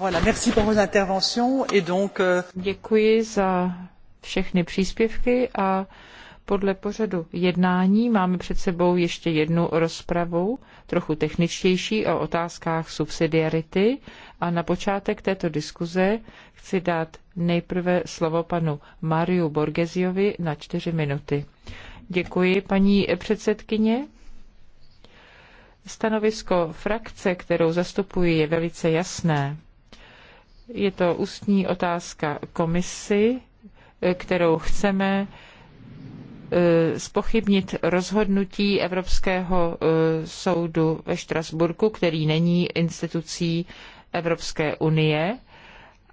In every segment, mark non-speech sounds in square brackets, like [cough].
Euh, Děkuji za všechny příspěvky a podle pořadu jednání máme před sebou ještě jednu rozpravu, trochu techničtější o otázkách subsidiarity. A na počátek této diskuze chci dát nejprve slovo panu Mariu Borgesiovi na čtyři minuty. Děkuji, paní předsedkyně. Stanovisko frakce, kterou zastupuji, je velice jasné. Je to ústní otázka komisi, eh, kterou chceme eh, spochybnit rozhodnutí Evropského eh, soudu ve Štrasburku, který není institucí Evropské unie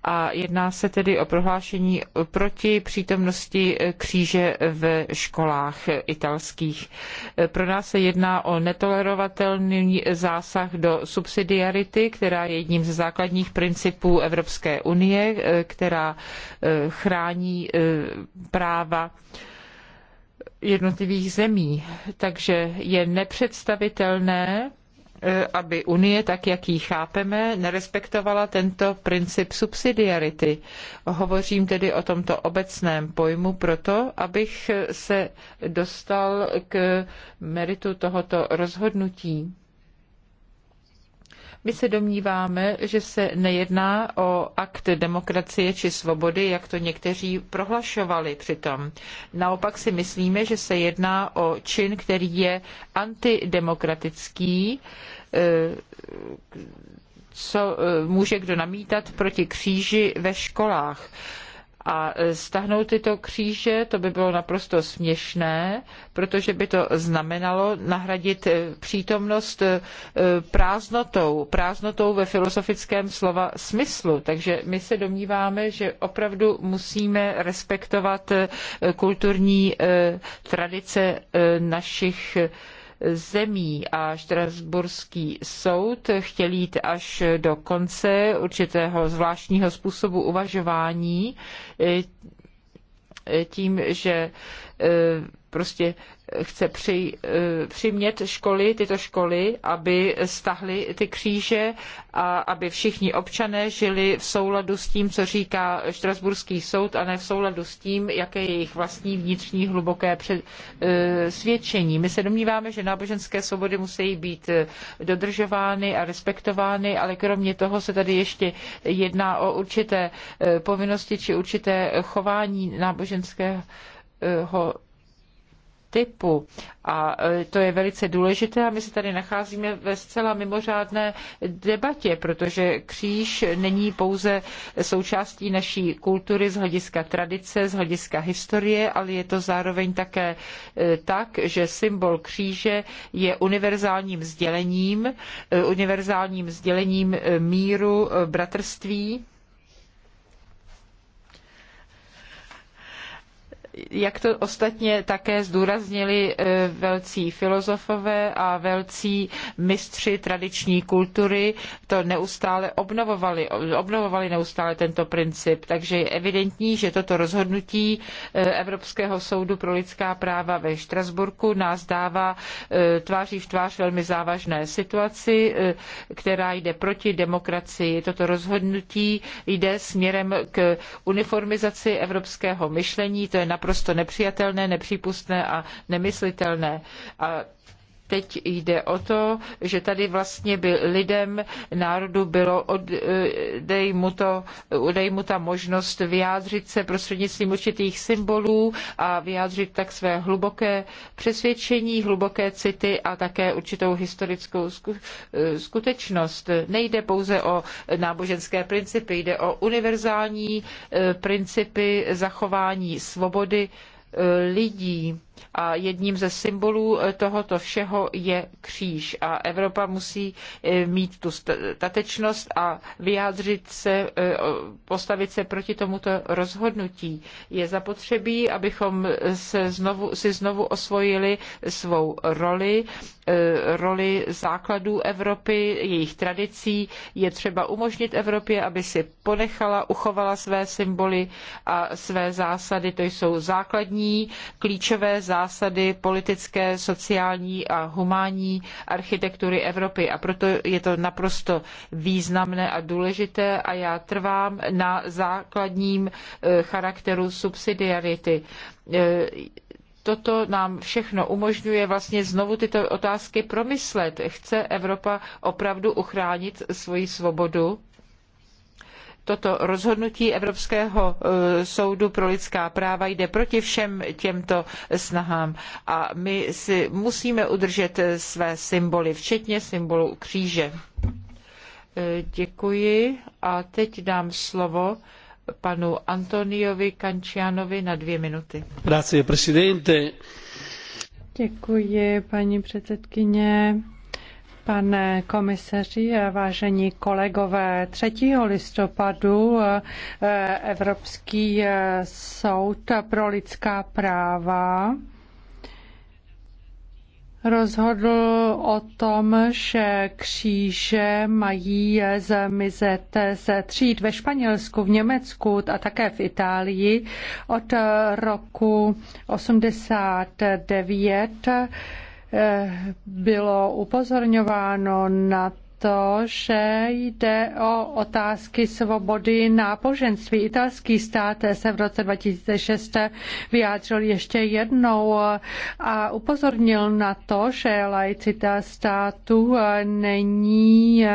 a jedná se tedy o prohlášení proti přítomnosti kříže ve školách italských. Pro nás se jedná o netolerovatelný zásah do subsidiarity, která je jedním ze základních principů Evropské unie, která eh, chrání eh, práva jednotlivých zemí. Takže je nepředstavitelné, E, aby Unie, tak jak ji chápeme, nerespektovala tento princip subsidiarity. Hovořím tedy o tomto obecném pojmu proto, abych se dostal k meritu tohoto rozhodnutí. My se domníváme, že se nejedná o akt demokracie či svobody, jak to někteří prohlašovali přitom. Naopak si myslíme, že se jedná o čin, který je antidemokratický, eh, co eh, může kdo namítat proti kříži ve školách a e, stahnout tyto kříže, to by bylo naprosto směšné, protože by to znamenalo nahradit e, přítomnost e, prázdnotou, prázdnotou ve filozofickém slova smyslu. Takže my se domníváme, že opravdu musíme respektovat kulturní tradice našich zemí a Štrasburský soud chtěl jít až do konce určitého zvláštního způsobu uvažování e, tím, že e, prostě chce při, eh, přimět školy, tyto školy, aby stahly ty kříže a aby všichni občané žili v souladu s tím, co říká Štrasburský soud a ne v souladu s tím, jaké je jejich vlastní vnitřní hluboké eh, svědčení. My se domníváme, že náboženské svobody musí být eh, dodržovány a respektovány, ale kromě toho se tady ještě jedná o určité povinnosti či určité chování náboženského typu. A e, to je velice důležité a my se tady nacházíme ve zcela mimořádné debatě, protože kříž není pouze součástí naší kultury z hlediska tradice, z hlediska historie, ale je to zároveň také e, tak, že symbol kříže je univerzálním sdělením, e, univerzálním sdělením míru, bratrství jak to ostatně také zdůraznili eh, velcí filozofové a velcí mistři tradiční kultury, to neustále obnovovali, obnovovali neustále tento princip. Takže je evidentní, že toto rozhodnutí eh, Evropského soudu pro lidská práva ve Štrasburku nás dává eh, tváří v tvář velmi závažné situaci, která jde proti demokracii. Toto rozhodnutí jde směrem k uniformizaci evropského myšlení, to je naprosto naprosto nepřijatelné, nepřípustné a nemyslitelné. A Teď jde o to, že tady vlastně by lidem, národu bylo eh, mu ta možnost vyjádřit se prostřednictvím určitých symbolů a vyjádřit tak své hluboké přesvědčení, hluboké city a také určitou historickou eh, skutečnost. Nejde pouze o náboženské principy, jde o univerzální eh, principy zachování svobody lidí a jedním ze symbolů eh, tohoto všeho je kříž. A Evropa musí eh, mít tu statečnost a vyjádřit se, eh, postavit se proti tomuto rozhodnutí. Je zapotřebí, abychom se znovu, si znovu osvojili svou roli, roli základů Evropy, jejich tradicí. Je třeba umožnit Evropě, aby si ponechala, uchovala své symboly a své zásady. To jsou základní, klíčové zásady politické, sociální a humánní architektury Evropy. A proto je to naprosto významné a důležité a já trvám na základním eh, charakteru subsidiarity eh, toto nám všechno umožňuje vlastně znovu tyto otázky promyslet. Chce Evropa opravdu uchránit svoji svobodu? toto rozhodnutí Evropského eh, soudu pro lidská práva jde proti všem těmto snahám a my si musíme udržet eh, své symboly, včetně symbolu kříže. Eh, děkuji a teď dám slovo panu Antoniovi Kančianovi na dvě minuty. Grazie, presidente. Děkuji, paní předsedkyně. Pane komisaři, vážení kolegové, 3. listopadu eh, Evropský eh, soud pro lidská práva rozhodl o tom, že kříže mají zmizet ze tříd ve Španělsku, v Německu a také v Itálii od roku 89 Eh, bylo upozorňováno na to, že jde o otázky svobody náboženství. Italský stát se v roce 2006 vyjádřil ještě jednou a upozornil na to, že laicita státu není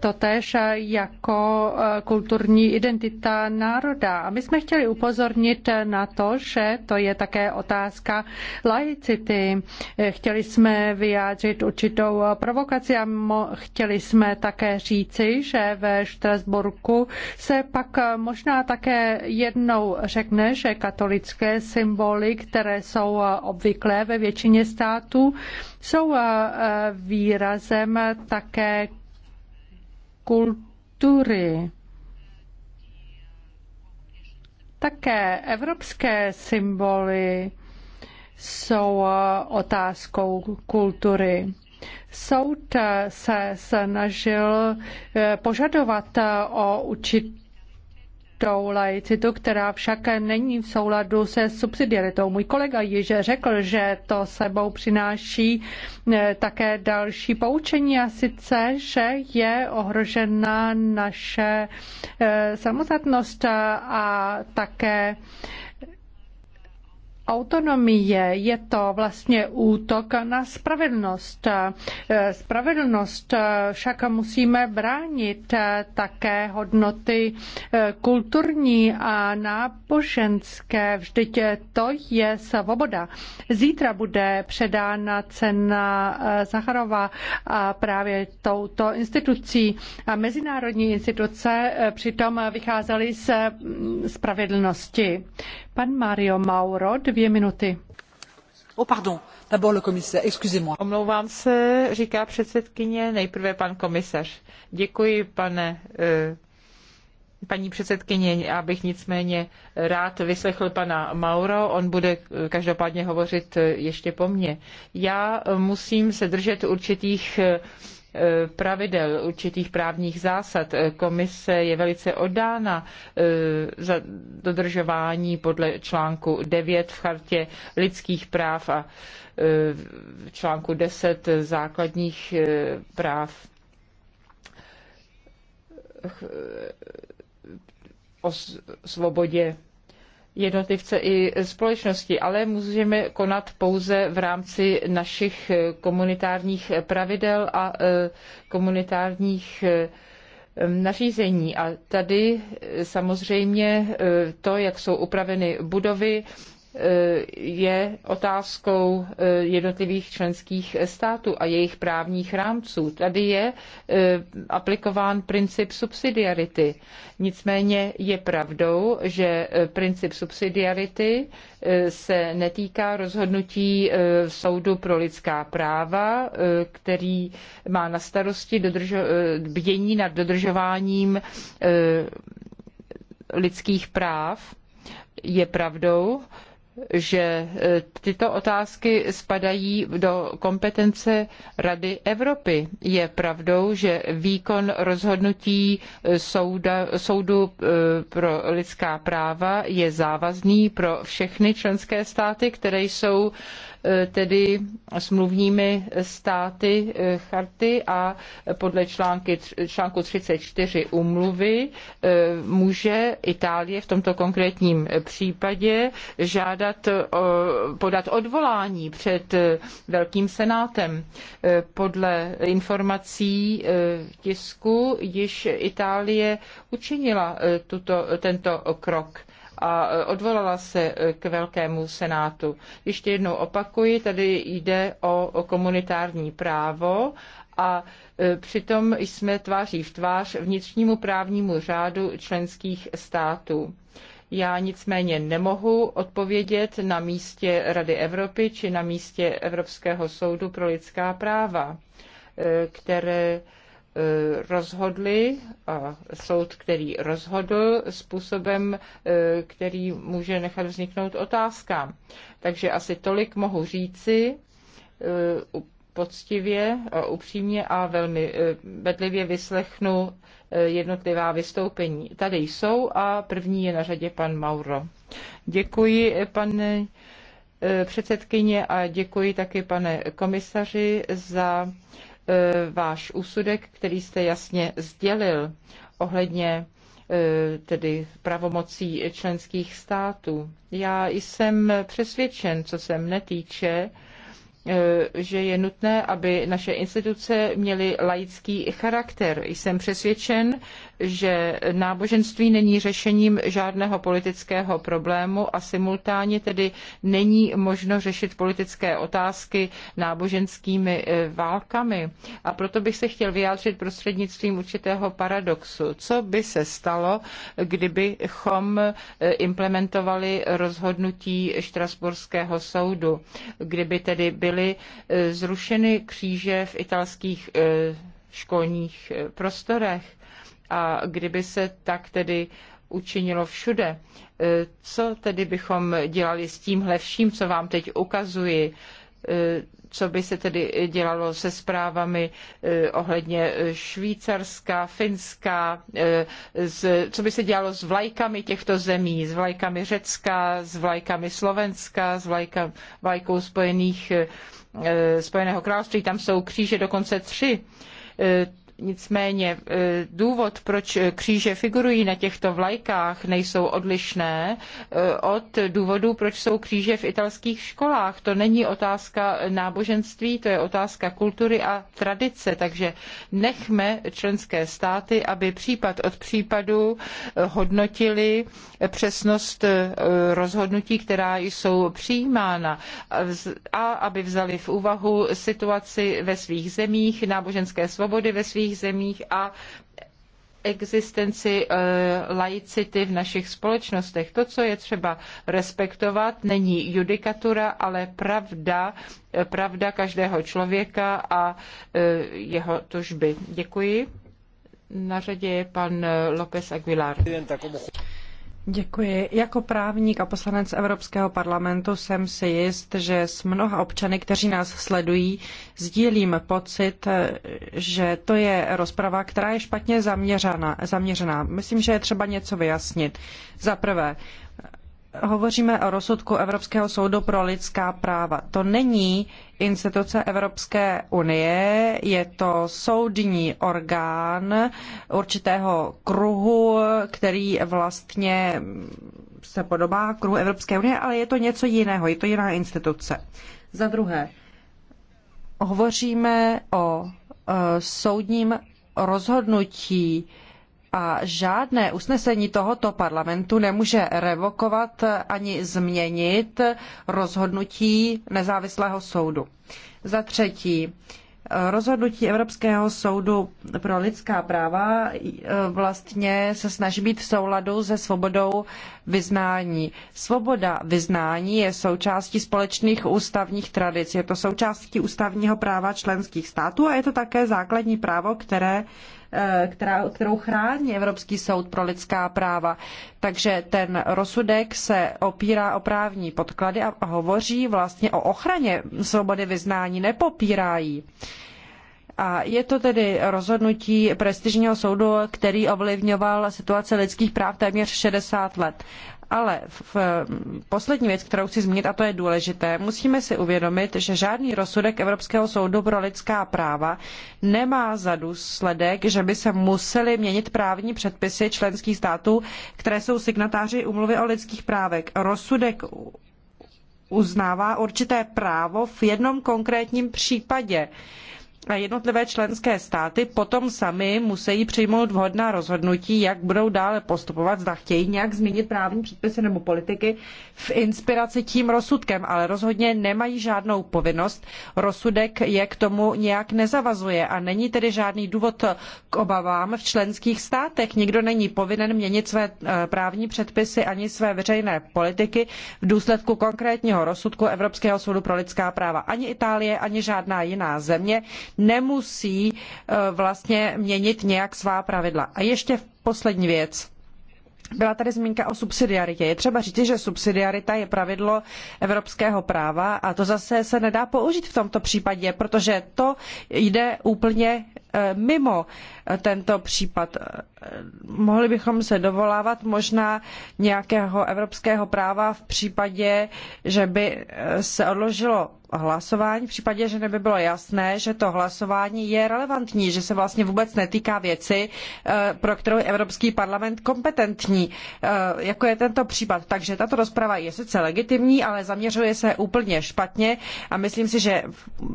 totéž jako kulturní identita národa. A my jsme chtěli upozornit na to, že to je také otázka laicity. Chtěli jsme vyjádřit určitou provokaci a mo- chtěli jsme také říci, že ve Štrasburku se pak možná také jednou řekne, že katolické symboly, které jsou obvyklé ve většině států, jsou eh, výrazem také kultury. Také evropské symboly jsou eh, otázkou kultury. Soud eh, se snažil eh, požadovat eh, o určitou laicitu, která však není v souladu se subsidiaritou. Můj kolega již řekl, že to sebou přináší také další poučení a sice, že je ohrožena naše samostatnost a také autonomie je to vlastně útok na spravedlnost. Spravedlnost však musíme bránit také hodnoty kulturní a náboženské. Vždyť to je svoboda. Zítra bude předána cena Zacharova a právě touto institucí. A mezinárodní instituce přitom vycházely z spravedlnosti. Pan Mario Mauro, dvě minuty. Oh, pardon. Omlouvám se, říká předsedkyně, nejprve pan komisař. Děkuji, pane eh, paní předsedkyně, abych nicméně rád vyslechl pana Mauro, on bude eh, každopádně hovořit eh, ještě po mně. Já musím se držet určitých Eh, pravidel, určitých právních zásad. Eh, komise je velice oddána eh, za dodržování podle článku 9 v chartě lidských práv a článku 10 základních práv o svobodě jednotlivce i společnosti, ale můžeme konat pouze v rámci našich eh, komunitárních pravidel a eh, komunitárních eh, nařízení. A tady samozřejmě to, jak jsou upraveny budovy, je otázkou eh, jednotlivých členských států a jejich právních rámců. Tady je eh, aplikován princip subsidiarity. Nicméně je pravdou, že eh, princip subsidiarity se netýká rozhodnutí Soudu pro lidská práva, který má na starosti bdění nad dodržováním lidských práv. Je pravdou, že e, tyto otázky spadají do kompetence Rady Evropy. Je pravdou, že výkon rozhodnutí e, souda, soudu e, pro lidská práva je závazný pro všechny členské státy, které jsou Eh, tedy smluvními státy eh, charty a podle články, článku 34 umluvy eh, může Itálie v tomto konkrétním případě žádat, podat odvolání před Velkým senátem. Podle informací tisku již Itálie učinila tuto, tento krok a odvolala se k Velkému senátu. Ještě jednou opakuji, tady jde o komunitární právo a e, přitom jsme tváří v tvář vnitřnímu právnímu řádu členských států. Já nicméně nemohu odpovědět na místě Rady Evropy či na místě Evropského soudu pro lidská práva, e, které Eh, rozhodli a soud, který rozhodl způsobem, eh, který může nechat vzniknout otázkám. Takže asi tolik mohu říci eh, poctivě, upřímně a velmi bedlivě vyslechnu jednotlivá vystoupení. Tady jsou a první je na řadě pan Mauro. Děkuji, pane předsedkyně a děkuji taky pane komisaři za E, váš úsudek, který jste jasně sdělil ohledně e, tedy pravomocí členských států. Já jsem přesvědčen, co se mne týče, E, že je nutné, aby naše instituce měly laický charakter. Jsem přesvědčen, že náboženství není řešením žádného politického problému a simultánně tedy není možno řešit politické otázky náboženskými e, válkami. A proto bych se chtěl vyjádřit prostřednictvím určitého paradoxu. Co by se stalo, kdybychom e, implementovali rozhodnutí Štrasburského soudu, kdyby tedy byl byly eh, zrušeny kříže v italských eh, školních eh, prostorech a kdyby se tak tedy učinilo všude. Co tedy bychom dělali s tímhle vším, co vám teď ukazuji? E, co by se tedy dělalo se zprávami e, ohledně e, Švýcarska, Finska, co by se dělalo s vlajkami těchto zemí, s vlajkami Řecka, s vlajkami Slovenska, s vlajka, vlajkou Spojených, Spojeného království, tam jsou kříže dokonce tři Nicméně eh, důvod, proč eh, kříže figurují na těchto vlajkách, nejsou odlišné eh, od důvodů, proč jsou kříže v italských školách. To není otázka náboženství, to je otázka kultury a tradice. Takže nechme členské státy, aby případ od případu hodnotili přesnost rozhodnutí, která jsou přijímána a aby vzali v úvahu situaci ve svých zemích, náboženské svobody ve svých členských zemích a existenci eh, laicity v našich společnostech. To, co je třeba respektovat, není judikatura, ale pravda, eh, pravda každého člověka a eh, jeho tužby. Děkuji. Na řadě je pan López Aguilar. Děkuji. Jako právník a poslanec Evropského parlamentu jsem si jist, že s mnoha občany, kteří nás sledují, sdílím pocit, že to je rozprava, která je špatně zaměřena. zaměřená. Myslím, že je třeba něco vyjasnit. Za prvé, hovoříme o rozsudku Evropského soudu pro lidská práva. To není instituce Evropské unie, je to soudní orgán určitého kruhu, který vlastně se podobá kruhu Evropské unie, ale je to něco jiného, je to jiná instituce. Za druhé, hovoříme o e, soudním rozhodnutí a žádné usnesení tohoto parlamentu nemůže revokovat ani změnit rozhodnutí nezávislého soudu. Za třetí, rozhodnutí Evropského soudu pro lidská práva e, vlastně se snaží být v souladu se svobodou vyznání. Svoboda vyznání je součástí společných ústavních tradic, je to součástí ústavního práva členských států a je to také základní právo, které Eh, která, kterou chrání Evropský soud pro lidská práva. Takže ten rozsudek se opírá o právní podklady a hovoří vlastně o ochraně svobody vyznání, nepopírá ji. A je to tedy rozhodnutí prestižního soudu, který ovlivňoval situaci lidských práv téměř 60 let. Ale v poslední věc, kterou chci zmínit, a to je důležité, musíme si uvědomit, že žádný rozsudek Evropského soudu pro lidská práva nemá za důsledek, že by se musely měnit právní předpisy členských států, které jsou signatáři úmluvy o lidských právech. Rozsudek uznává určité právo v jednom konkrétním případě a jednotlivé členské státy potom sami musí přijmout vhodná rozhodnutí, jak budou dále postupovat, zda chtějí nějak změnit právní předpisy nebo politiky v inspiraci tím rozsudkem, ale rozhodně nemají žádnou povinnost. Rozsudek je k tomu nějak nezavazuje a není tedy žádný důvod k obavám v členských státech. Nikdo není povinen měnit své eh, právní předpisy ani své veřejné politiky v důsledku konkrétního rozsudku Evropského soudu pro lidská práva. Ani Itálie, ani žádná jiná země nemusí eh, vlastně měnit nějak svá pravidla. A ještě poslední věc. Byla tady zmínka o subsidiaritě. Je třeba říci, že subsidiarita je pravidlo evropského práva a to zase se nedá použít v tomto případě, protože to jde úplně eh, mimo tento případ. Mohli bychom se dovolávat možná nějakého evropského práva v případě, že by se odložilo hlasování, v případě, že neby bylo jasné, že to hlasování je relevantní, že se vlastně vůbec netýká věci, eh, pro kterou je Evropský parlament kompetentní, eh, jako je tento případ. Takže tato rozprava je sice legitimní, ale zaměřuje se úplně špatně a myslím si, že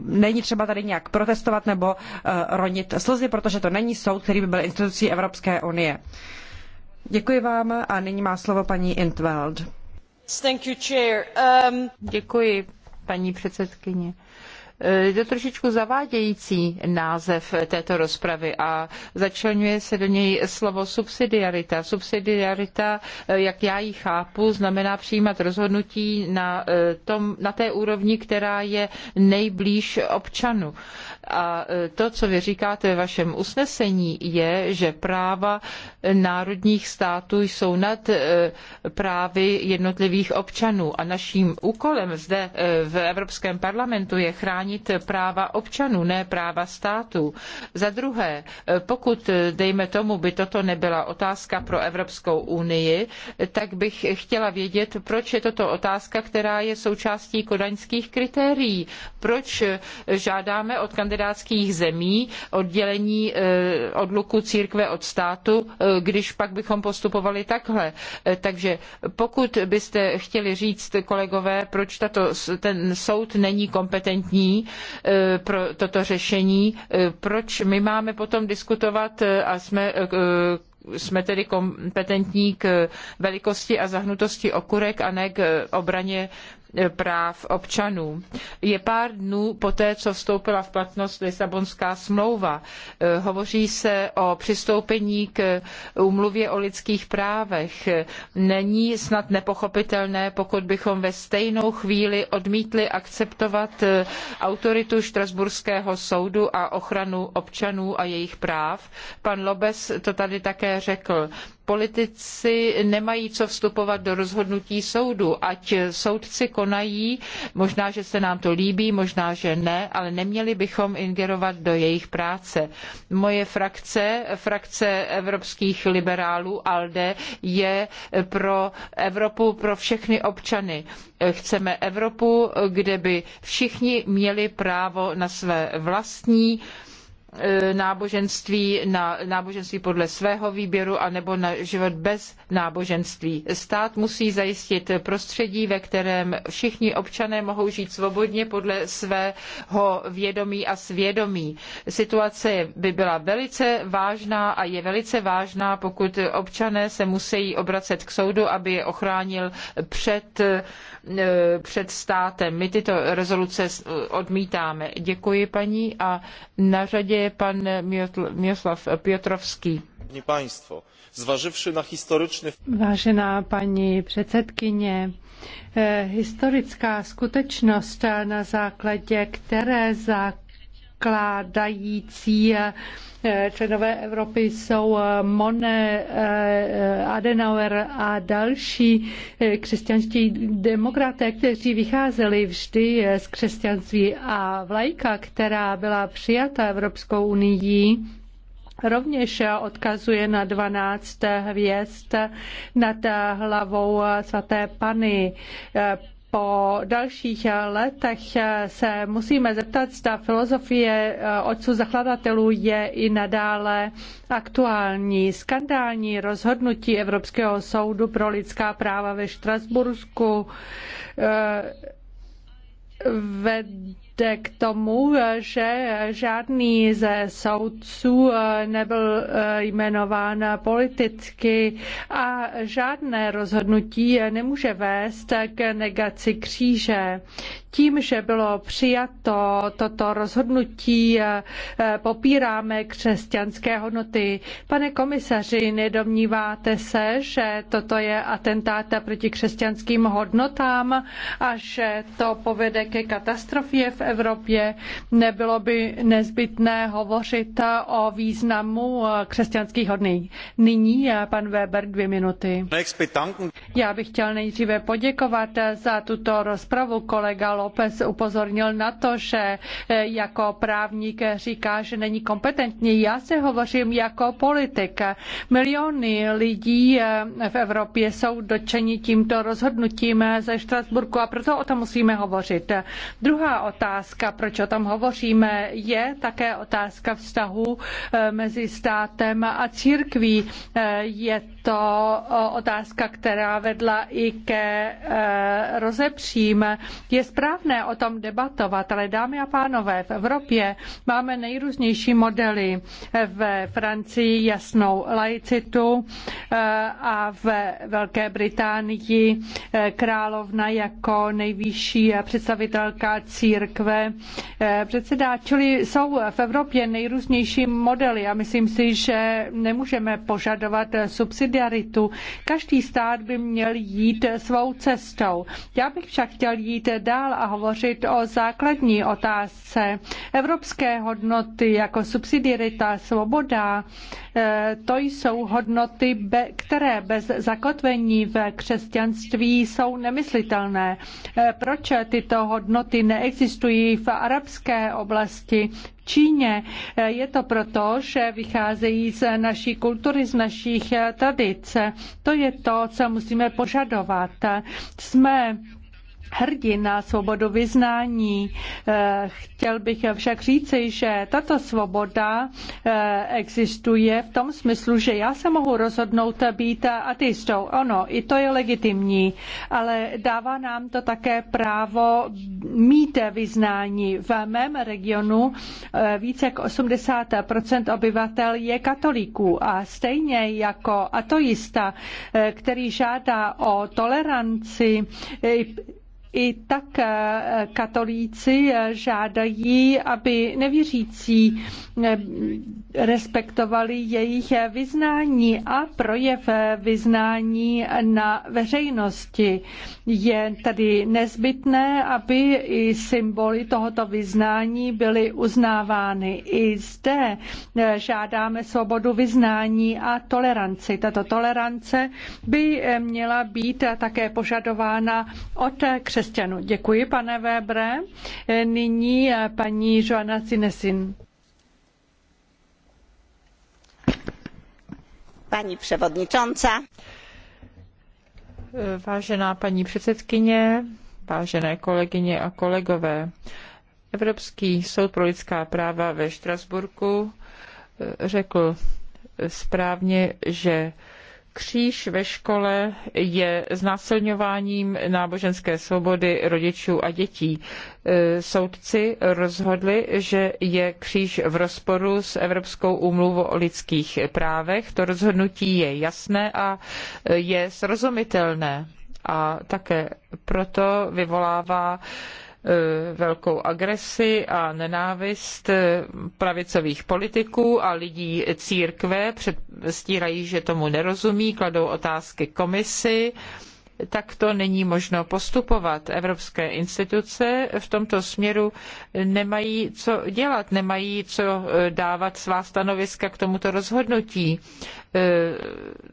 není třeba tady nějak protestovat nebo eh, ronit slzy, protože to není soud, který by byl institucí Evropské unie. Děkuji vám a nyní má slovo paní Intveld. Thank you, chair. Um... Děkuji, paní předsedkyně. Je to trošičku zavádějící název této rozpravy a začlenuje se do něj slovo subsidiarita. Subsidiarita, jak já ji chápu, znamená přijímat rozhodnutí na, eh, tom, na té úrovni, která je nejblíž občanu. A e, to, co vy říkáte ve vašem usnesení, je, že práva národních států jsou nad e, právy jednotlivých občanů. A naším úkolem zde e, v Evropském parlamentu je chránit práva občanů, ne práva států. Za druhé, pokud, dejme tomu, by toto nebyla otázka pro Evropskou unii, tak bych chtěla vědět, proč je toto otázka, která je součástí kodaňských kritérií. Proč žádáme od kandidátů kandidátských zemí, oddělení eh, odluku církve od státu, eh, když pak bychom postupovali takhle. Eh, takže pokud byste chtěli říct, kolegové, proč tato, ten soud není kompetentní pro toto řešení, proč my máme potom diskutovat a jsme jsme tedy kompetentní k velikosti a zahnutosti okurek a ne k obraně Eh, práv občanů. Je pár dnů poté, co vstoupila v platnost Lisabonská smlouva. Eh, hovoří se o přistoupení k úmluvě o lidských právech. Není snad nepochopitelné, pokud bychom ve stejnou chvíli odmítli akceptovat eh, autoritu Štrasburského soudu a ochranu občanů a jejich práv. Pan Lobes to tady také řekl politici nemají co vstupovat do rozhodnutí soudu, ať soudci konají, možná, že se nám to líbí, možná, že ne, ale neměli bychom ingerovat do jejich práce. Moje frakce, frakce evropských liberálů ALDE, je pro Evropu pro všechny občany. Chceme Evropu, kde by všichni měli právo na své vlastní E, náboženství na náboženství podle svého výběru anebo na život bez náboženství. Stát musí zajistit prostředí, ve kterém všichni občané mohou žít svobodně podle svého vědomí a svědomí. Situace by byla velice vážná a je velice vážná, pokud občané se musí obracet k soudu, aby je ochránil před, e, před státem. My tyto rezoluce odmítáme. Děkuji paní a na řadě je pan Miroslav Piotrovský. Vážená paní předsedkyně, eh, historická skutečnost, eh, na základě které zákon zakládající eh, členové Evropy jsou eh, Monet, eh, Adenauer a další křesťanští demokraté, kteří vycházeli vždy z křesťanství a vlajka, která byla přijata Evropskou unii, Rovněž odkazuje na 12 hvězd nad hlavou svaté Pany po dalších letech se musíme zeptat, zda filozofie otců zakladatelů je i nadále aktuální. Skandální rozhodnutí Evropského soudu pro lidská práva ve Štrasbursku eh, jde k tomu, že žádný ze soudců eh, nebyl eh, jmenován politicky a žádné rozhodnutí nemůže vést k negaci kříže. Tím, že bylo přijato toto rozhodnutí, eh, popíráme křesťanské hodnoty. Pane komisaři, nedomníváte se, že toto je atentát proti křesťanským hodnotám a že to povede ke katastrofě v Evropě. Nebylo by nezbytné hovořit o významu eh, křesťanských hodný. Nyní eh, pan Weber dvě minuty. Já bych chtěl nejdříve poděkovat eh, za tuto rozpravu. Kolega López upozornil na to, že jako právník říká, že není kompetentní. Já se hovořím jako politik. Miliony lidí v Evropě jsou dotčeni tímto rozhodnutím ze Štrasburku a proto o tom musíme hovořit. Druhá otázka otázka, proč o tom hovoříme, je také otázka vztahu eh, mezi státem a církví. Eh, je to otázka, která vedla i ke e, rozepřím. Je správné o tom debatovat, ale dámy a pánové, v Evropě máme nejrůznější modely. Ve Francii jasnou laicitu e, a v Velké Británii e, královna jako nejvyšší představitelka církve předsedá. Čili jsou v Evropě nejrůznější modely a myslím si, že nemůžeme požadovat subsidy solidaritu. Každý stát by měl jít svou cestou. Já bych však chtěl jít dál a hovořit o základní otázce. Evropské hodnoty jako subsidiarita, svoboda, eh, to jsou hodnoty, které bez zakotvení v křesťanství jsou nemyslitelné. Eh, proč tyto hodnoty neexistují v arabské oblasti? Číně. Je to proto, že vycházejí z naší kultury, z našich tradic. To je to, co musíme požadovat. Jsme hrdí na svobodu vyznání. Eh, chtěl bych však říci, že tato svoboda eh, existuje v tom smyslu, že já se mohu rozhodnout být ateistou. Ono, i to je legitimní, ale dává nám to také právo mít vyznání. V mém regionu eh, více jak 80 obyvatel je katolíků a stejně jako ateista, který žádá o toleranci, i tak eh, katolíci eh, žádají, aby nevěřící eh, respektovali jejich vyznání a projev vyznání na veřejnosti. Je tedy nezbytné, aby i symboly tohoto vyznání byly uznávány. I zde žádáme svobodu vyznání a toleranci. Tato tolerance by měla být také požadována od křesťanů křesťanů. Děkuji, pane Webre. E, nyní e, paní Joana Cinesin. Paní převodničonca. E, vážená paní předsedkyně, vážené kolegyně a kolegové, Evropský soud pro lidská práva ve Štrasburku řekl správně, že kříž ve škole je znásilňováním náboženské svobody rodičů a dětí. E, soudci rozhodli, že je kříž v rozporu s Evropskou úmluvou o lidských právech. To rozhodnutí je jasné a je srozumitelné a také proto vyvolává E, velkou agresi a nenávist pravicových politiků a lidí církve, předstírají, že tomu nerozumí, kladou otázky komisi, Takto není možno postupovat. Evropské instituce v tomto směru nemají co dělat, nemají co e, dávat svá stanoviska k tomuto rozhodnutí. E,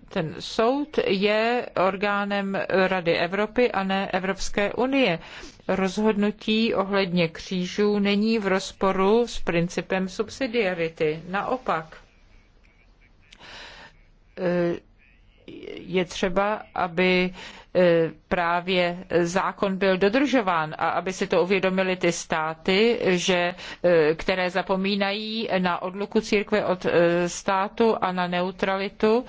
ten soud je orgánem Rady Evropy a ne Evropské unie. Rozhodnutí ohledně křížů není v rozporu s principem subsidiarity. Naopak, e, je třeba, aby E, právě zákon byl dodržován a aby si to uvědomili ty státy, že, e, které zapomínají na odluku církve od e, státu a na neutralitu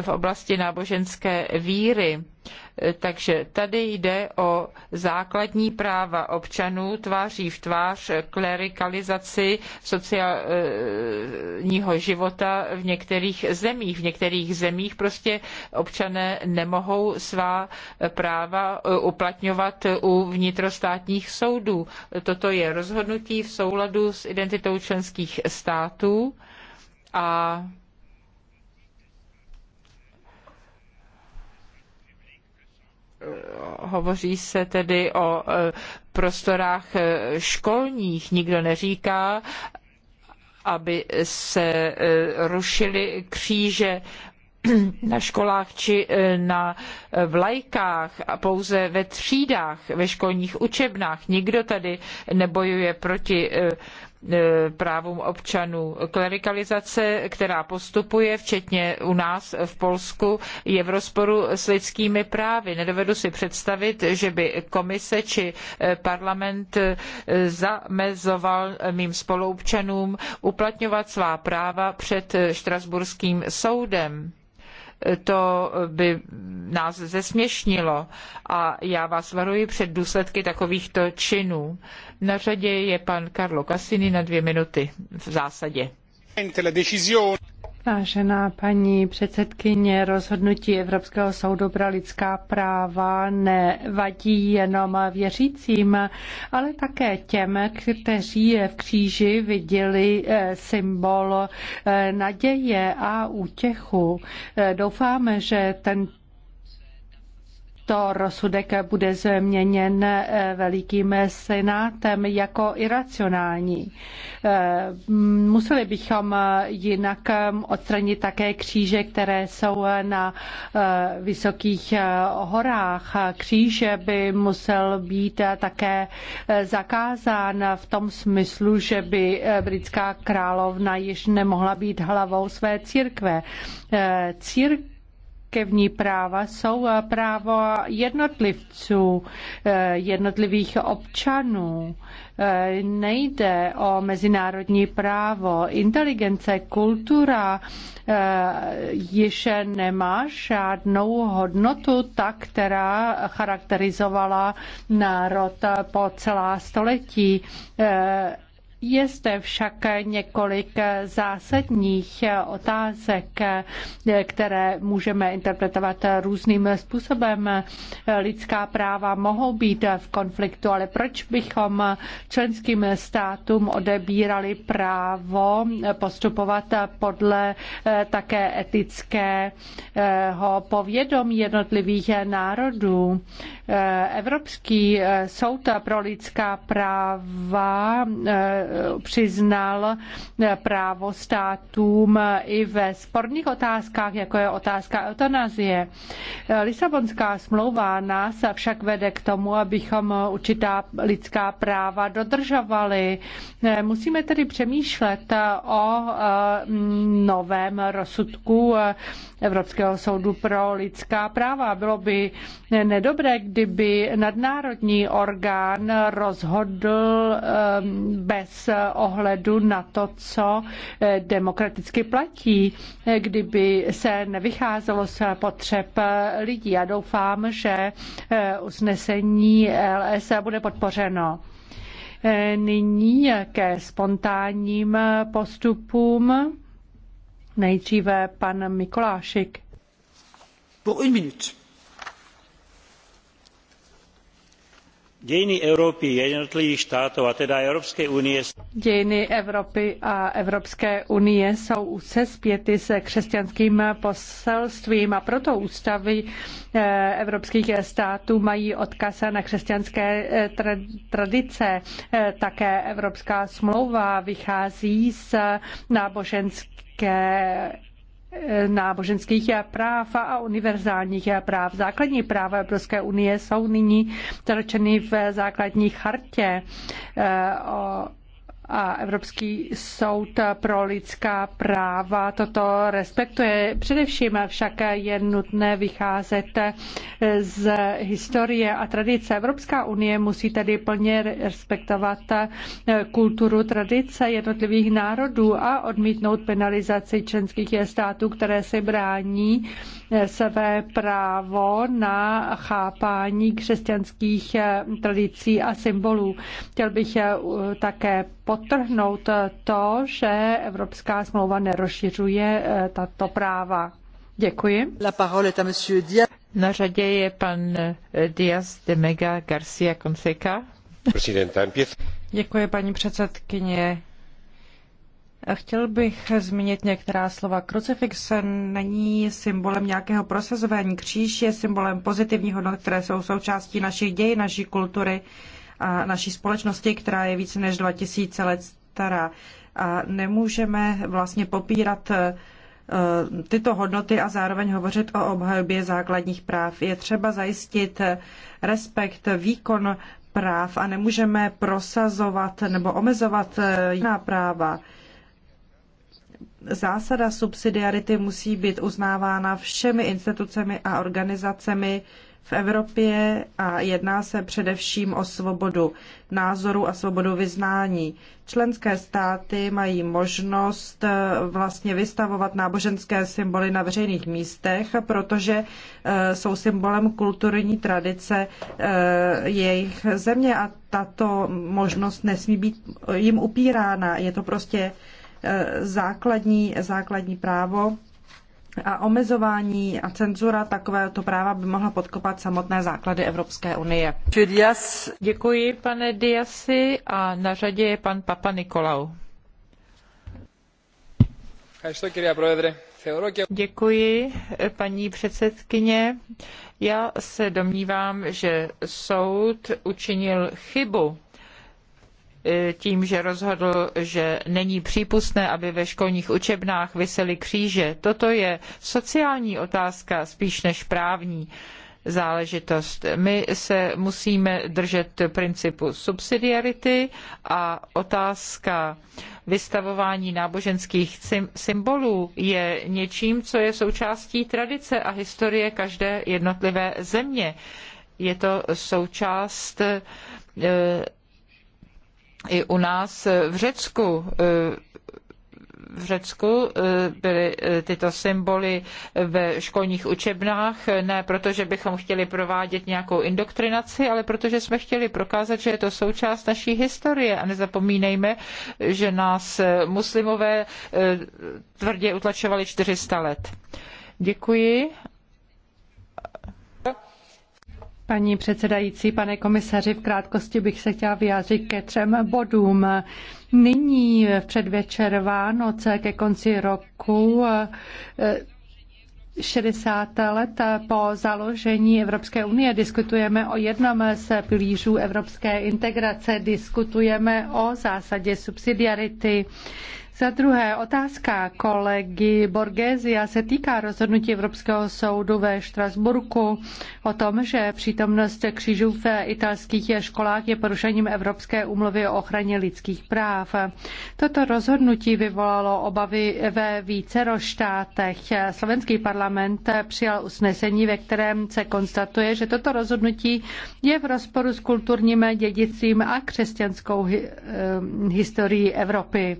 v oblasti náboženské víry. Takže tady jde o základní práva občanů tváří v tvář klerikalizaci sociálního života v některých zemích. V některých zemích prostě občané nemohou svá práva uplatňovat u vnitrostátních soudů. Toto je rozhodnutí v souladu s identitou členských států a hovoří se tedy o e, prostorách e, školních, nikdo neříká, aby se e, rušily kříže na školách či na vlajkách a pouze ve třídách, ve školních učebnách. Nikdo tady nebojuje proti E, právům občanů. Klerikalizace, která postupuje, včetně u nás v Polsku, je v rozporu s lidskými právy. Nedovedu si představit, že by komise či e, parlament e, zamezoval mým spoluobčanům uplatňovat svá práva před Štrasburským soudem to by nás zesměšnilo a já vás varuji před důsledky takovýchto činů. Na řadě je pan Carlo Cassini na dvě minuty v zásadě. Vážená paní předsedkyně, rozhodnutí Evropského soudu pro lidská práva nevadí jenom věřícím, ale také těm, kteří v kříži viděli eh, symbol eh, naděje a útěchu. Eh, doufáme, že ten tento rozsudek bude změněn eh, velikým senátem jako iracionální. Eh, museli bychom jinak eh, odstranit také kříže, které jsou na vysokých horách. Kříže by musel být také zakázán v tom smyslu, že by britská královna již nemohla být hlavou své církve. Círk církevní práva jsou eh, právo jednotlivců, eh, jednotlivých občanů. Eh, nejde o mezinárodní právo. Inteligence, kultura již nemá žádnou hodnotu, ta, která charakterizovala národ po celá století je zde však několik zásadních otázek, které můžeme interpretovat různým způsobem. Lidská práva mohou být v konfliktu, ale proč bychom členským státům odebírali právo postupovat podle eh, také etického povědomí jednotlivých národů? Eh, Evropský eh, soud pro lidská práva přiznal právo státům i ve sporných otázkách, jako je otázka eutanazie. Lisabonská smlouva nás však vede k tomu, abychom určitá lidská práva dodržovali. Musíme tedy přemýšlet o mm, novém rozsudku Evropského soudu pro lidská práva. Bylo by nedobré, kdyby nadnárodní orgán rozhodl mm, bez bez ohledu na to, co eh, demokraticky platí, eh, kdyby se nevycházelo z potřeb eh, lidí. Já doufám, že usnesení LS bude podpořeno. Nyní ke spontánním postupům. Nejdříve pan Mikolášik. Pour une minute. Dějiny Evropy, jednotlivých států, a teda Evropské unie. Dějiny Evropy a Evropské unie jsou úzce zpěty se křesťanským poselstvím a proto ústavy eh, evropských států mají odkaz na křesťanské eh, tradice. Eh, také Evropská smlouva vychází z náboženské Eh, náboženských práv a univerzálních práv. Základní práva Evropské unie jsou nyní zaručeny v základní chartě eh, o a Evropský soud pro lidská práva toto respektuje. Především však je nutné vycházet z historie a tradice. Evropská unie musí tedy plně respektovat kulturu tradice jednotlivých národů a odmítnout penalizaci členských států, které se brání své právo na chápání křesťanských tradicí a symbolů. Chtěl bych také potrhnout to, že Evropská smlouva nerozšiřuje eh, tato práva. Děkuji. La parole est à monsieur Diaz. Na řadě je pan eh, Diaz de Mega Garcia Conseca. Děkuji, paní předsedkyně. Chtěl bych zmínit některá slova. Krucifix není symbolem nějakého prosazování. Kříž je symbolem pozitivních hodnot, které jsou součástí našich dějin, naší kultury a naší společnosti, která je více než 2000 let stará. A nemůžeme vlastně popírat eh, tyto hodnoty a zároveň hovořit o obhajobě základních práv. Je třeba zajistit respekt, výkon práv a nemůžeme prosazovat nebo omezovat eh, jiná práva. Zásada subsidiarity musí být uznávána všemi institucemi a organizacemi, v Evropě a jedná se především o svobodu názoru a svobodu vyznání. Členské státy mají možnost eh, vlastně vystavovat náboženské symboly na veřejných místech, protože eh, jsou symbolem kulturní tradice eh, jejich země a tato možnost nesmí být jim upírána. Je to prostě základní, základní právo a omezování a cenzura takovéhoto práva by mohla podkopat samotné základy Evropské unie. Děkuji, pane Diasi, a na řadě je pan Papa Nikolau. Děkuji, paní předsedkyně. Já se domnívám, že soud učinil chybu tím, že rozhodl, že není přípustné, aby ve školních učebnách visely kříže. Toto je sociální otázka spíš než právní záležitost. My se musíme držet principu subsidiarity a otázka vystavování náboženských symbolů je něčím, co je součástí tradice a historie každé jednotlivé země. Je to součást eh, i u nás eh, v Řecku eh, v Řecku eh, byly tyto symboly ve školních učebnách, ne proto, že bychom chtěli provádět nějakou indoktrinaci, ale protože jsme chtěli prokázat, že je to součást naší historie. A nezapomínejme, že nás muslimové tvrdě utlačovali 400 let. Děkuji Paní předsedající, pane komisaři, v krátkosti bych se chtěla vyjádřit ke třem bodům. Nyní v předvečer Vánoce ke konci roku 60 eh, let po založení Evropské unie diskutujeme o jednom z pilířů evropské integrace, diskutujeme o zásadě subsidiarity. Za druhé, otázka kolegy Borgesia se týká rozhodnutí Evropského soudu ve Štrasburku o tom, že přítomnost křížů v italských školách je porušením Evropské úmluvy o ochraně lidských práv. Toto rozhodnutí vyvolalo obavy ve více státech. Slovenský parlament přijal usnesení, ve kterém se konstatuje, že toto rozhodnutí je v rozporu s kulturním dědictvím a křesťanskou eh, historií Evropy.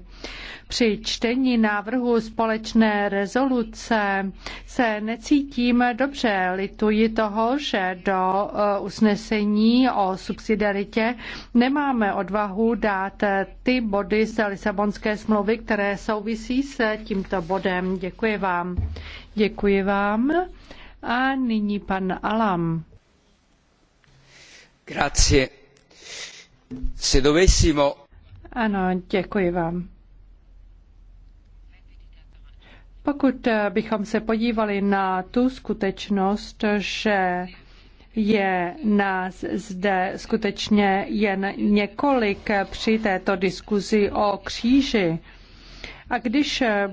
Při čtení návrhu společné rezoluce se necítím dobře. Lituji toho, že do eh, usnesení o subsidiaritě nemáme odvahu dát ty body z Lisabonské smlouvy, které souvisí s tímto bodem. Děkuji vám. Děkuji vám. A nyní pan Alam. Grazie. Se dovessimo... Ano, děkuji vám. Pokud eh, bychom se podívali na tu skutečnost, že je nás zde skutečně jen několik při této diskuzi o kříži, a když eh,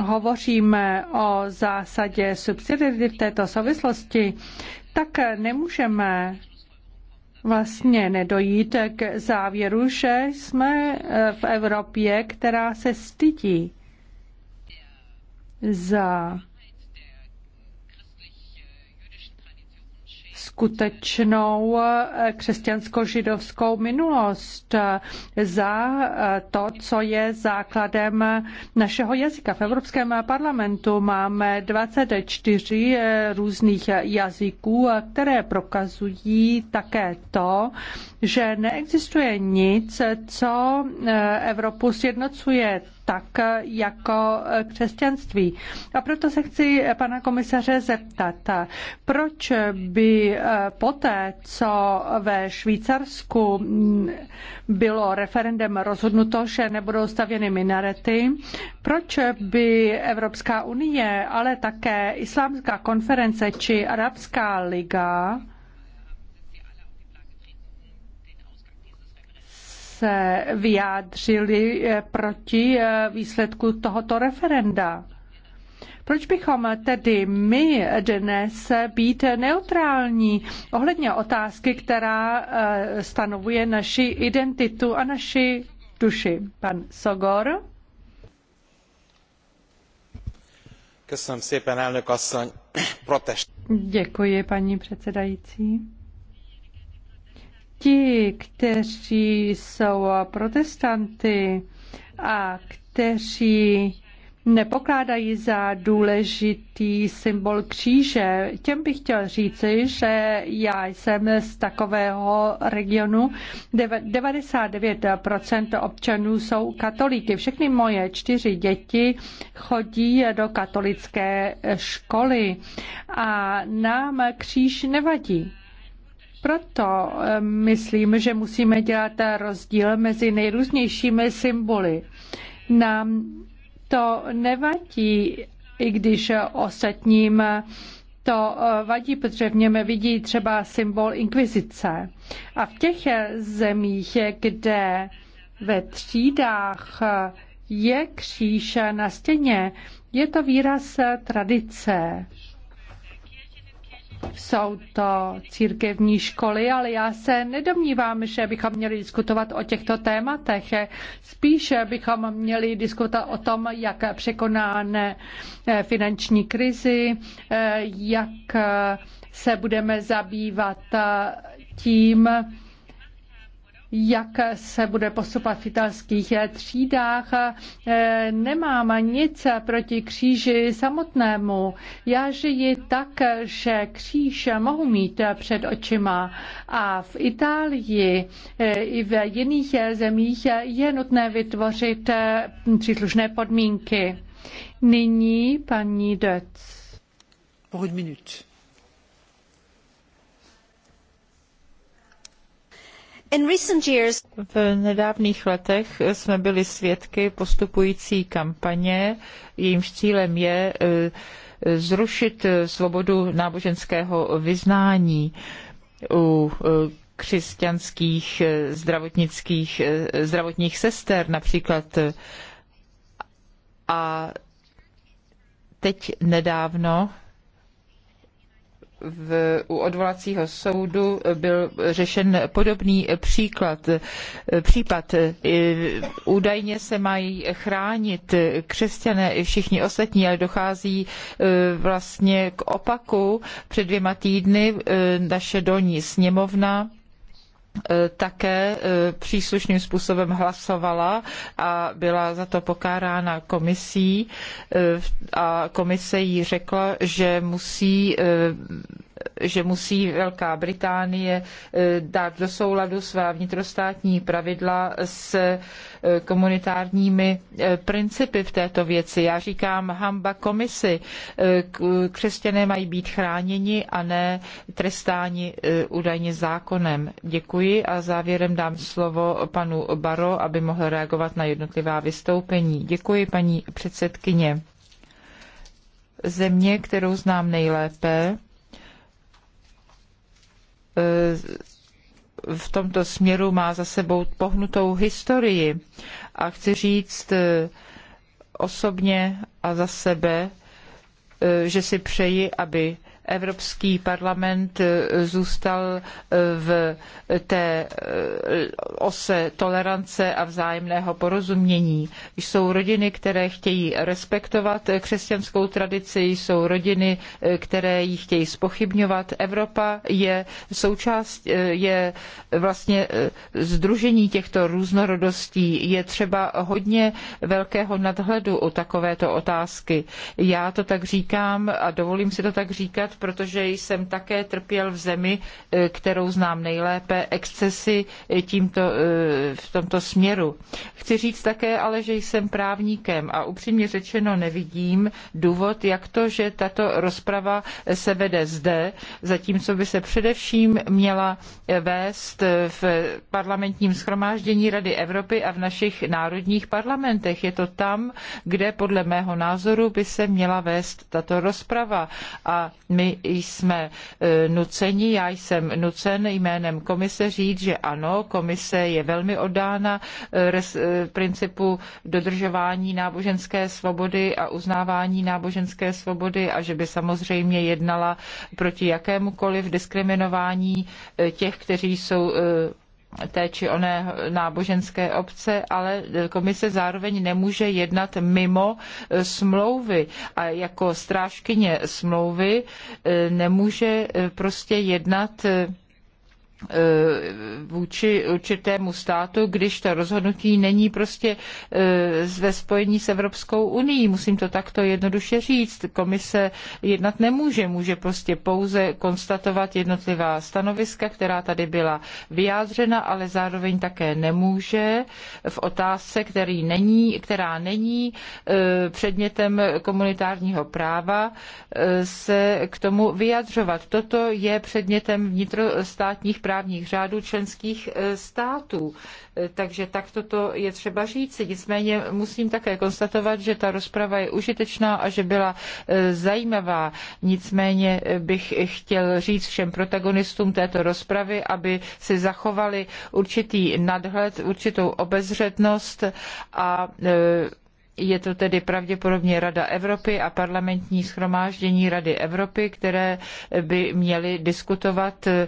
hovoříme o zásadě subsidiarity v této souvislosti, tak eh, nemůžeme vlastně nedojít k závěru, že jsme v Evropě, která se stydí za skutečnou eh, křesťansko-židovskou minulost, eh, za eh, to, co je základem našeho jazyka. V Evropském parlamentu máme 24 různých jazyků, které prokazují také to, že neexistuje nic, co Evropu sjednocuje tak jako eh, křesťanství. A proto se chci pana komisaře zeptat, eh, proč by eh, poté, co ve Švýcarsku mm, bylo referendem rozhodnuto, že nebudou stavěny minarety, proč by Evropská unie, ale také Islámská konference či Arabská liga se vyjádřili eh, proti eh, výsledku tohoto referenda. Proč bychom tedy my dnes být neutrální ohledně otázky, která eh, stanovuje naši identitu a naši duši? Pan Sogor. [clears throat] Děkuji, paní předsedající. Ti, kteří jsou protestanty a kteří nepokládají za důležitý symbol kříže. Těm bych chtěl říci, že já jsem z takového regionu. 99% občanů jsou katolíky. Všechny moje čtyři děti chodí do katolické školy a nám kříž nevadí. Proto eh, myslím, že musíme dělat rozdíl mezi nejrůznějšími symboly. Nám to nevadí, i když ostatním to eh, vadí, protože v něm vidí třeba symbol inkvizice. A v těch zemích, kde ve třídách je kříž na stěně, je to výraz tradice. Jsou to církevní školy, ale já se nedomnívám, že bychom měli diskutovat o těchto tématech. Spíše bychom měli diskutovat o tom, jak překonáme eh, finanční krizi, eh, jak eh, se budeme zabývat tím, jak se bude postupovat v italských třídách. Eh, nemám nic proti kříži samotnému. Já žiji tak, že kříž mohu mít před očima a v Itálii eh, i v jiných zemích je nutné vytvořit eh, příslušné podmínky. Nyní paní Dec. Pour une minute. V nedávných letech jsme byli svědky postupující kampaně, jejímž cílem je e, zrušit svobodu náboženského vyznání u e, křesťanských e, zdravotnických, zdravotních sester například. A teď nedávno v, u odvolacího soudu byl řešen podobný příklad, případ. Údajně se mají chránit křesťané i všichni ostatní, ale dochází e, vlastně k opaku. Před dvěma týdny e, naše dolní sněmovna E, také e, příslušným způsobem hlasovala a byla za to pokárána komisí e, a komise jí řekla, že musí že musí Velká Británie eh, dát do souladu svá vnitrostátní pravidla s eh, komunitárními eh, principy v této věci. Já říkám hamba komisi. Křesťané mají být chráněni a ne trestáni údajně zákonem. Děkuji a závěrem dám slovo panu Baro, aby mohl reagovat na jednotlivá vystoupení. Děkuji, paní předsedkyně. Země, kterou znám nejlépe, E, v tomto směru má za sebou pohnutou historii. A chci říct e, osobně a za sebe, e, že si přeji, aby Evropský parlament eh, zůstal eh, v eh, té ose tolerance a vzájemného porozumění. Jsou rodiny, které chtějí respektovat křesťanskou tradici, jsou rodiny, které ji chtějí spochybňovat. Evropa je součást, je vlastně združení těchto různorodostí. Je třeba hodně velkého nadhledu u takovéto otázky. Já to tak říkám a dovolím si to tak říkat, příklad, protože jsem také trpěl v zemi, eh, kterou znám nejlépe, excesy eh, tímto, eh, v tomto směru. Chci říct také ale, že jsem právníkem a upřímně řečeno nevidím důvod, jak to, že tato rozprava se vede zde, zatímco by se především měla vést v parlamentním schromáždění Rady Evropy a v našich národních parlamentech. Je to tam, kde podle mého názoru by se měla vést tato rozprava. A my my jsme e, nuceni, já jsem nucen jménem komise říct, že ano, komise je velmi oddána e, e, principu dodržování náboženské svobody a uznávání náboženské svobody a že by samozřejmě jednala proti jakémukoliv diskriminování těch, kteří jsou té či oné náboženské obce, ale komise zároveň nemůže jednat mimo e, smlouvy a jako strážkyně smlouvy e, nemůže e, prostě jednat Eh, vůči určitému státu, když to rozhodnutí není prostě eh, ve spojení s Evropskou unii. Musím to takto jednoduše říct. Komise jednat nemůže, může prostě pouze konstatovat jednotlivá stanoviska, která tady byla vyjádřena, ale zároveň také nemůže v otázce, který není, která není eh, předmětem komunitárního práva, se k tomu vyjadřovat. Toto je předmětem vnitrostátních práv právních řádů členských e, států. E, takže takto to je třeba říci. Nicméně musím také konstatovat, že ta rozprava je užitečná a že byla e, zajímavá. Nicméně bych chtěl říct všem protagonistům této rozpravy, aby si zachovali určitý nadhled, určitou obezřetnost a je to tedy pravděpodobně Rada Evropy a parlamentní schromáždění Rady Evropy, které by měly diskutovat e,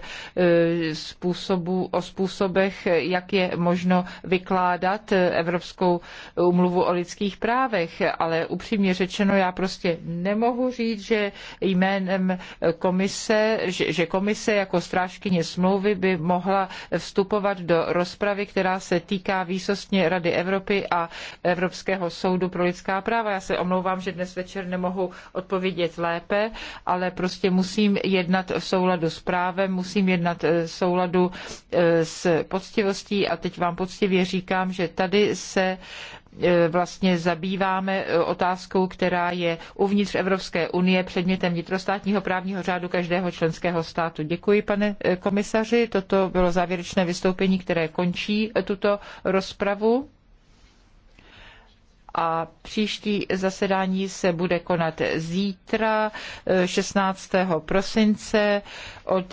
způsobu, o způsobech, jak je možno vykládat Evropskou umluvu o lidských právech. Ale upřímně řečeno, já prostě nemohu říct, že jménem komise, že komise jako strážkyně smlouvy by mohla vstupovat do rozpravy, která se týká výsostně Rady Evropy a Evropského soudu soudu pro lidská práva. Já se omlouvám, že dnes večer nemohu odpovědět lépe, ale prostě musím jednat v souladu s právem, musím jednat eh, v souladu eh, s poctivostí a teď vám poctivě říkám, že tady se eh, vlastně zabýváme otázkou, která je uvnitř Evropské unie předmětem vnitrostátního právního řádu každého členského státu. Děkuji, pane komisaři. Toto bylo závěrečné vystoupení, které končí tuto rozpravu a příští zasedání se bude konat zítra eh, 16. prosince od